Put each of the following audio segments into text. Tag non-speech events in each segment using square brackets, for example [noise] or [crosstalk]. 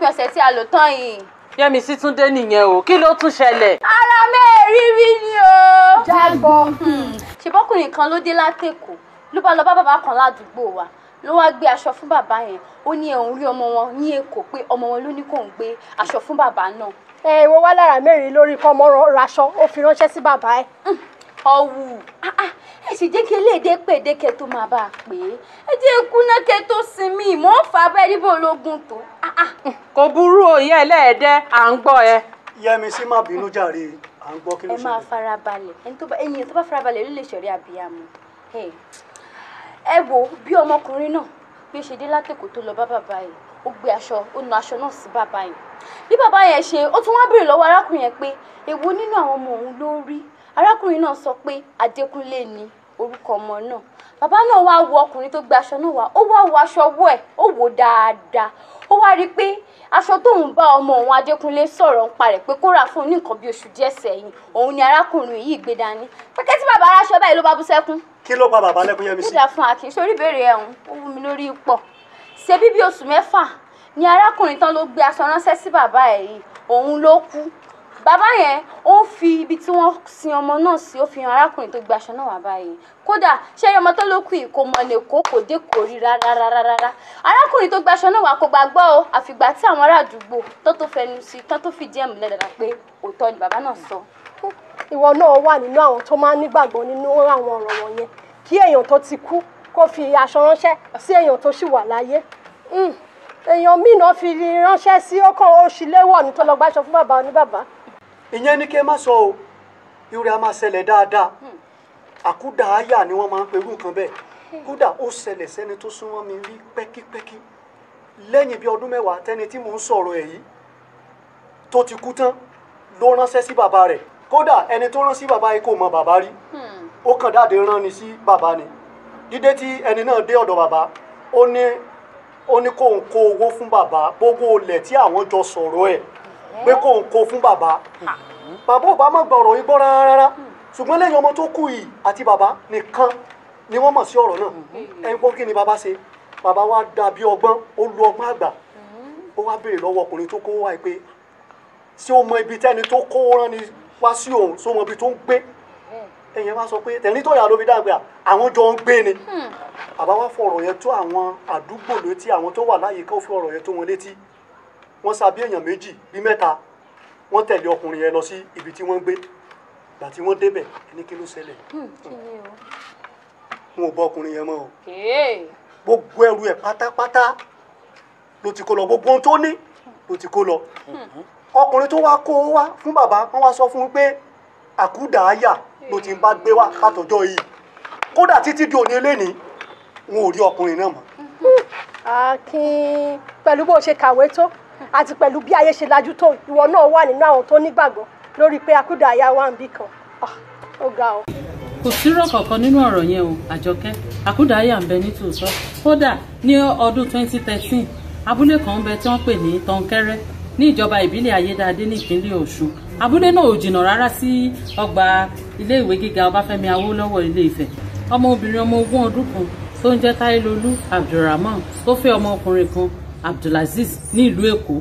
òpin ọ̀sẹ̀ tí a lò tán yìí. Yẹ́misí Túndé nìyẹn o kí ló tún ṣẹlẹ̀. ara mẹ́rin rí ni o. jágbọ́. Hmm. ṣèbọ́kùnrin kan ló dé látẹ̀kọ̀ ló bá lọ bá bàbá kan ládùúgbò wa ló wá gbé aṣọ fún bàbá yẹn ó ní òun rí ọmọ wọn ní èkó pé ọmọ wọn ló ní kóun gbé aṣọ fún bàbá náà. ẹ ìwọ wá lára mẹ́rin lórí kọ́ ọmọ raṣọ ó fi ránṣẹ́ sí bàbá ẹ. Hmm ọ̀wù ah, ah, ẹ sì jẹ́ kí eléèdè pèdè tó máa bá a pè é ẹ jẹ́ kúná kẹ tó sinmi mò ń fà bẹ́ẹ̀ níbo ológun tó. Ah, kò burú òye ẹlẹ́ẹ̀dẹ́ à ń gbọ́ ẹ. Yẹ́misí má bínú jàre à ń gbọ́ kí ló ṣẹlẹ̀. ẹ máa farabalẹ̀ ènìyàn tó bá farabalẹ̀ ló lè ṣẹ̀rí àbíyamọ. ẹ wo bí ọmọkùnrin náà bí ó ṣe dé látẹ̀kọ́ tó lọ bá bàbá yìí ó gbé aṣọ ó na aṣọ náà sí bàbá yìí bí bàbá yẹn ṣe ó tún wá béèrè lọ́wọ́ arákùnrin yẹn pé èwo nínú àwọn ọmọ òun ló rí arákùnrin náà sọ pé adékúnlé ni orúkọ ọmọ náà bàbá náà wá wo ọkùnrin tó gbé aṣọ náà wá ó wá wo aṣọ ọwọ́ ẹ̀ ó wò dáadáa ó wá rí i pé aṣọ tóun bá ọmọ òun adékúnlé sọ̀rọ̀ ń parẹ̀ pé kó rà fún un ní nǹkan bí oṣù díẹ̀ sẹ́yìn òun ni arákùnrin yìí gbé dání pẹ́kẹ́ tí bàbá aráṣọ báyìí ló bá bú sẹ́kún. kí ló pa bàbá lẹ́kún yẹn mi sí. nígbà fún akin sórí ìbéèrè ẹ̀hún ó wú mi lórí pọ̀ ṣe bí oṣù mẹ́fà ni arákùnrin tán ló gbé aṣọ ránṣẹ́ sí bàbá ẹ̀ yìí òun ló kú bàbá yẹn ó fi ibi tí wọ́n sin ọmọ náà sí ó fi hàn arákùnrin tó gba aṣọ náà wá báyìí kódà ṣé ọmọ tó lókù yìí kò mọ lẹ́kọ́ kò dé kò rí rárá arákùnrin tó gba aṣọ náà wá kò gbàgbọ́ o àfìgbà tí àwọn ará àdúgbò tó tó fẹnu sí tó tó fìdí ẹ̀ múlẹ̀ dáadáa pé òótọ́ ni bàbá náà sọ. ìwọ náà wà nínú àwọn tó máa ń nígbàgbọ́ nínú àwọn ọ̀rọ̀ wọ̀nyẹn kí èèyàn tó ti kú kó fi aṣọ ránṣẹ́ sí èèyàn tó ṣì wà láyé hmm. èèyàn míì náà fi ránṣẹ́ sí ọkọ̀ òṣìlẹ́wọ̀ ní tó lọ gbàṣọ fún bàbá oníbàbá ìyẹn ní kẹ́ má sọ o ire a máa ṣẹlẹ̀ dáadáa hmm. àkúdà àyà ni wọ́n máa ń perú nǹkan bẹ́ẹ̀ hmm. kódà ó ṣẹlẹ̀ sẹ́ni tó súnmọ́ mi rí pẹ́kípẹ́kí lẹ́yìn bíi ọdún mẹ́wàá tẹ́ni tí mò ń sọ̀rọ̀ ẹ̀ yìí tó ti kú ló ẹni tó rán sí bàbá yìí kò mọ bàbá rí hmm. ó kàn ẹni náà dé ọ̀dọ̀ bàbá ó ní ó ní kó owó fún bàbá gbogbo olè tí àwọn jọ sọ̀rọ̀ ẹ̀ pé kò ń kó fún bàbá bàbá ò bá mọ̀ gba ọ̀rọ̀ yìí gbọ́ rárá ṣùgbọ́n lẹ́yìn ọmọ tó kù yìí àti bàbá nìkan ni wọ́n mọ̀ sí ọ̀rọ̀ náà hmm. ẹ̀ ń kí ni bàbá ṣe bàbá wa dàbí ọgbọ́n ó lu ọgbọ́n àgbà hmm. ó wá béèrè lọ́wọ́ ọkùnrin tó kó wá pé ṣé o mọ ibi tẹ́ni tó kó rán ni wá sí òun ṣé o mọ ibi tó ń gbé hmm. ẹ̀yẹn wá sọ pé tẹ̀lé tó yà ló fi dàgbà àwọn jọ ń gbé ni bàbá wa fọ ọ̀rọ̀ yẹn tó àwọn àdúgbò létí àwọn tó wà láyìíká ó fi ọ̀rọ̀ yẹn tó wọn létí wọ́n sa bí èèyàn méjì bí mẹ́ta wọ́n tẹ̀lé ọkùnrin yẹn lọ sí ibi tí wọ́n ń gbé gbà tí wọ́n débẹ̀ ẹni kí ló ṣẹlẹ̀ wọn hmm, ò bọ ọkùnrin yẹn mọ́ o gbogbo ẹrù ẹ̀ pátápátá ló ti kó lọ gbogbo ohun tó ní ló ti kó lọ hmm. ọkùnrin tó wá kó wá fún bàbá wọn wá sọ fún un pé àkúdàáyà ló ti ń bá gbé wá látọjọ́ yìí kódà títí di òní eléyìí wọn ò rí ọkùnrin náà mọ́. Hmm. akin pẹ̀lú bó ṣe kàwé tó àti pẹ̀lú bí ayé ṣe lajú tó ìwọ náà wà nínú àwọn tó nígbàgbọ́ lórí pé akúdàáyá wà ń bì kan ah, ó ga o. kò sírọ̀ kankan nínú ọ̀rọ̀ yẹn o àjọkẹ́ akúdàáyá ń bẹ ní tòótọ́ kódà ní ọdún 2013 abúlé kan ń bẹ tí wọ́n pè ní tọ́ńkẹ́rẹ́ ní ìjọba ìbílẹ̀ ayédáadé nípínlẹ̀ ọ̀ṣun abúlé náà ò jìnnà rárá sí ọgbà iléèwé gíga ọbáfẹ́mi awólọ́wọ̀ ilé ọmọbìnrin ọmọ ogún ọdún kan tó ń jẹ́ táyélolú abdulrahman tó fẹ́ ọmọkùnrin kan Abdulaziz ní èkó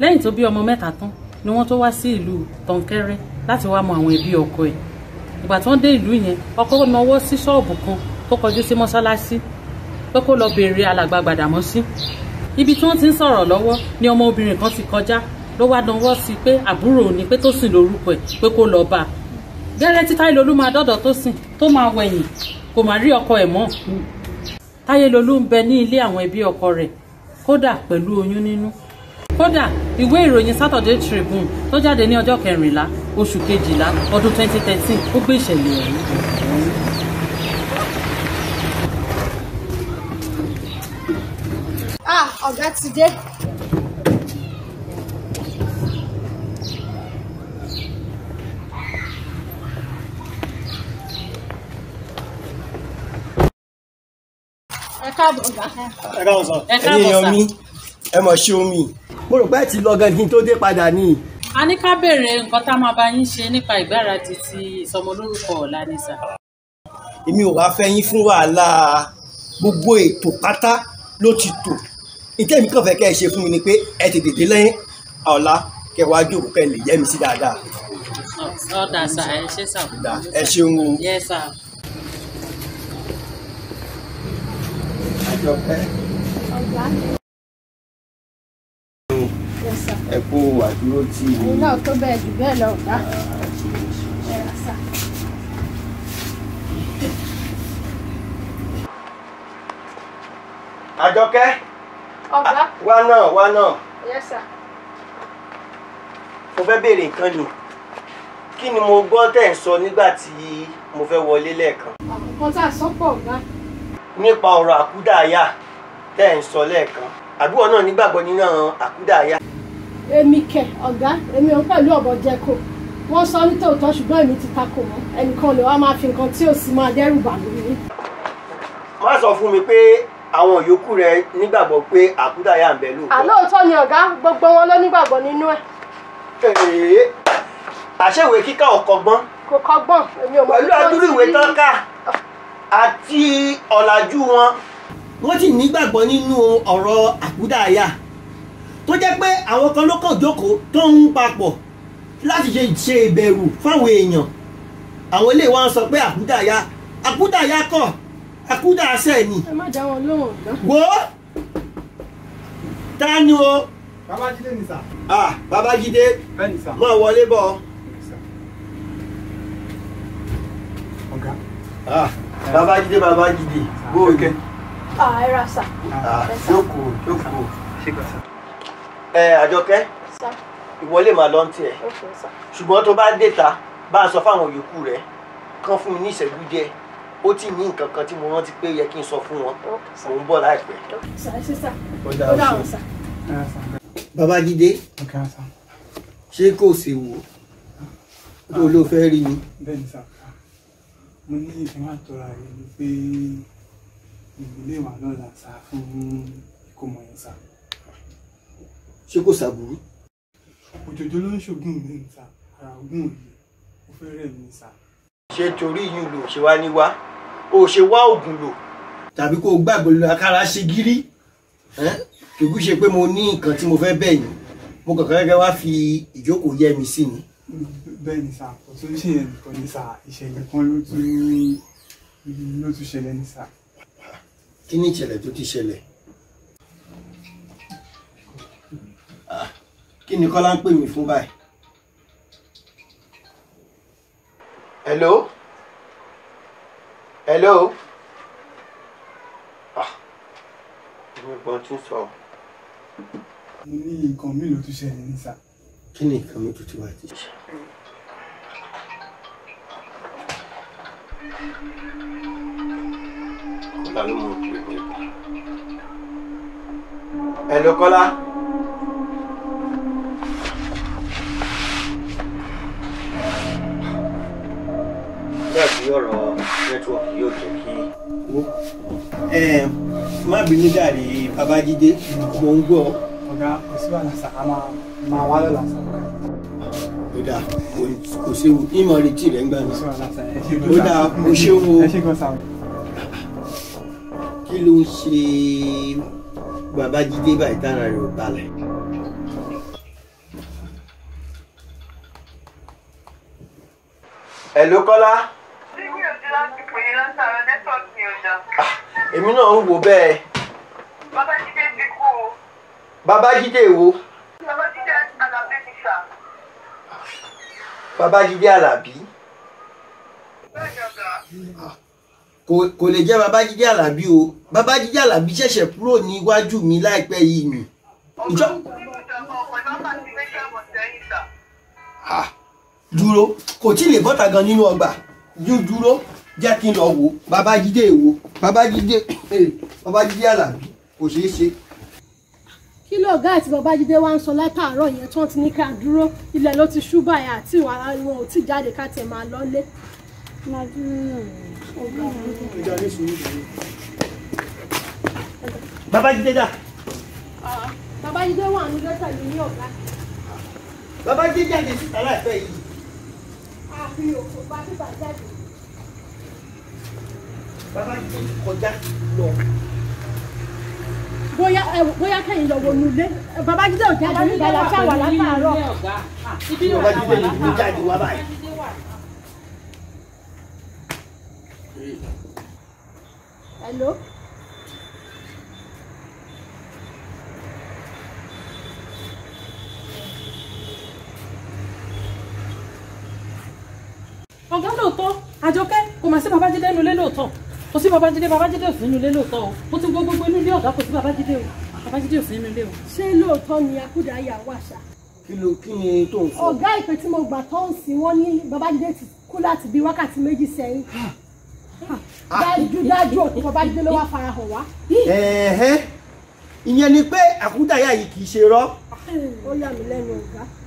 lẹ́yìn tó bí ọmọ mẹ́ta tán ni wọ́n tó wá sí ìlú tọ̀nkẹ́rẹ́ láti wá mọ àwọn ẹbí ọkọ ẹ̀ ìgbà tí wọ́n dé ìlú yẹn ọkọ náwó sí ṣọ́ọ̀bù kan tó kọjú sí mọ́ṣáláṣí pé kó lọ béèrè alàgbà Gbàdàmọ́sí ibi tí wọ́n ti ń sọ̀rọ̀ lọ́wọ́ ni ọmọ obìnrin kan ti kọjá ló wá dánwọ́ sí pé àbúrò ni pé Tósìn lórúkọ ẹ̀ pé kó lọ bá a gẹ́rẹ́ tí Táyélolú máa dọ́dọ̀ Tósìn tó máa wẹ̀yìn kò máa rí ọkọ ẹ̀ mọ́ Táyélolú ń bẹ ní ilé àwọn ẹbí ọkọ rẹ̀ kódà pẹ̀lú oyún nínú kódà ìwé ìròyìn Saturday Tribune tó jáde ní ọjọ́ kẹrìnlá oṣù kejìlá ọdún 2013 ó gbé ìṣẹ̀lẹ̀ ọ̀hún. ah ọ̀gá ti dé ẹ káàbọ̀ ọ̀gá. ẹ káàbọ̀ sọ ẹ̀yin èèyàn mi ẹ mọ̀ ṣe omi mo rò pé ẹ ti lọ gan kí n tó dé padà ní. a ní ká béèrè nǹkan tá a máa bá yín ṣe nípa ìgbáradì ti ìsọmọlórúkọ ọ̀la ní sà. èmi ò wá fẹ́ yín fún wàhálà gbogbo ètò pátá ló ti tò ìtẹ́mi kàn fẹ́ kẹ́ ẹ ṣe fún mi ni pé ẹ tètè dé lẹ́yìn ọ̀la kẹ wá jókòó kẹ lè yẹ mi sí dáadáa. ọ̀dà sà ẹ ṣe sà. ẹ ṣeun yẹ sà. Jọkẹ́. ẹ kó àdúró tí. òun náà tó bẹ́ẹ̀ jù bẹ́ẹ̀ lọ ọ̀gá. Ah, Àjọkẹ́. ọ̀gá. Ah, wá náà wá náà. Yes sir. mo fẹ́ béèrè nǹkan ni kí ni mo gbọ́ tẹ̀ ń sọ nígbà tí mo fẹ́ wọlé lẹ́ẹ̀kan. àkókò tá a sọ pọ̀ gan-an nípa ọ̀rọ̀ àkúdàáyà tẹ́ ẹ̀ ń sọ lẹ́ẹ̀kan àbúrò náà nígbàgbọ́ nínú àkúdàáyà. èmi kẹ ọ̀gá èmi òun pẹ̀lú ọ̀bọ̀ jẹ́kọ̀ wọ́n sọ ní tòótọ́ ṣùgbọ́n èmi ti takò mọ́ ẹnìkan lè wá máa fi nǹkan tí ò sì máa dẹ́rù bà mí ní. má sọ fún mi pé àwọn yòókù rẹ nígbàgbọ́ pé àkúdàáyà ń bẹ lóòótọ́. àlóòótọ́ ni ọ̀gá gbogbo wọn ló nígbàgbọ́ nínú ẹ̀. ee àṣewèé kíkà ọ̀kọ̀gbọ́n. kò kọ́gbọ́n èmi ò mọ̀ pé ó ti rí pẹ̀lú àdúrú ìwé tán ká àti ọ̀làjú wọn. wọ́n sì nígbàgbọ́ nínú ọ̀rọ̀ àkúdàáyà tó jẹ́ pé àwọn kan ló kàn jókòó tó ń papọ̀ láti ṣe ìbẹ̀rù fáwọn èèyàn àwọn ilé wa ń sọ pé àkúdàáyà àkúdàáyà kọ̀ àkúdàásẹ̀ ni. ẹ má já wọn lóhùn. wo ta ni o. babájídé ni ah babájídé. bẹ́ẹ̀ni wọlé bọ̀. ọ̀gá. ah babájídé babájídé bóòlù. Ah, ẹ ra sà. Ah, jókòó jókòó. ẹ àjọkẹ́ ìwọlé màá lọ ń tiẹ̀ ṣùgbọ́n tó bá dé ta bá a sọ fáwọn yòókù rẹ̀ kán fún mi ní ìṣẹ́jú díẹ̀ ó ti ní nǹkan kan tí mo rántí pé yẹ kí n sọ fún wọn mò ń bọ̀ láìpẹ́. babájídé ṣé kò ṣèwò tó ló rí mi mo ní ìfẹ́ máa tọ́ra rẹ̀ ni pé ìdílé wa lọ́la sá fún ìkómọ yẹn sá. ṣé kò ṣàbùrú. òjòjò ló ń ṣògùn mi ń ta ara ogún òye ó fẹ́ rẹ̀ mi sá. ṣé torí yìí lò ṣe wá ní wá o ṣe wá oògùn lò. tàbí kó o gbàgbọ́ lọ akára ṣe gírí kìkú ṣe pé mo ní nǹkan tí mo fẹ́ bẹ̀yìn mo kàn kẹ́kẹ́ wá fi ìjókòó yẹ mi sí ni bẹ́ẹ̀ ni sà kò tún ṣe yẹn nìkan ni sà ìṣẹ̀lẹ̀ kan ló tún ló tún ṣẹlẹ̀ ni sà. kí ni ìṣẹ̀lẹ̀ tó ti ṣẹlẹ̀? kí ni Kọ́lá ń pè mí fún báyìí? hello hello ah mi gbọ́n tún sọ. mo ní nǹkan mi ló tún ṣẹlẹ̀ ní sà kí ni nǹkan méjì tí wàá ti ṣe. kọ́lá ló mọ ojú ẹ̀mí ẹ̀kọ́. ẹ lọ kọ́lá. bẹ́ẹ̀ sí ọ̀rọ̀ nẹ́tíwọ́ọ̀kì yóò jẹ́ kí. ẹ má bínú dàrí babájídé mò ń gbọ́. ọ̀gá kò sàkámà máa wá lọ́la ó dáa kò séwu ìmọ̀ retí rẹ̀ ń gbà mí ó dáa kò séwu kí ló ń ṣe bàbá jíde báyìí tára rẹ̀ ò balẹ̀. ẹ̀ ló kọ́lá ah, èmi náà ń wò bẹ́ẹ̀. babájídé ti kú o. babájídé wo. babájídé babájídé alábí. kò lè jẹ́ babájídé alábí o babájídé alábí ṣẹ̀ṣẹ̀ kúrò níwájú mi láìpẹ́ yìí ni. dúró kò tí ì lè bọ́ta gan nínú ọgbà dúró jẹ́ kí n lọ wò baba wò babájídé [coughs] babájídé alábí kò ṣeé ṣe kí ló ọ̀gá àti babájídé wa ń sọ látàárọ̀ yẹn tí wọ́n ti ní ká dúró ilẹ̀ ló ti ṣú báyìí àti ìwà wọn ò tí jáde ká tẹ̀ máa lọ́lé. babájídé dà. babájídé wà ní lẹ́tà yìí ní ọ̀gá. babájídé jáde síta láìpẹ́ yìí. àfi òkú bá bíbà jáde. babájídé kọjá lọ bóyá bóyá kẹ́yìn lọ wọnú ilé bàbá jíjẹ́ òjá ní ìdàlá tí àwọn látàárọ̀. bàbá jíjẹ́ ló jáde wá báyìí. Hello. ọ̀gá lóòótọ́ àjọkẹ́ kò mà sí bàbá jíjẹ́ nulẹ̀ lóòótọ́ kò sí babájídé babájídé ò sí inú ilé lóòótọ́ o mo ti gbogbo inú ilé ọ̀gá kò sí babájídé o babájídé ò sí inú ilé o. ṣé lóòótọ́ ni akúdáyà wà ṣá. kí ló kí ni tó ń fọ. ọ̀gá ìpè tí mo gbà tó ń sìn wọ́n ní babájídé ti kú láti bíi wákàtí méjì sẹ́yìn. dájúdájú òkú babájídé ló wá farahàn wá. ìyẹn ni pé àkúdáyà yìí kì í ṣe rọ́. ó yà mí lẹ́nu ọ̀gá.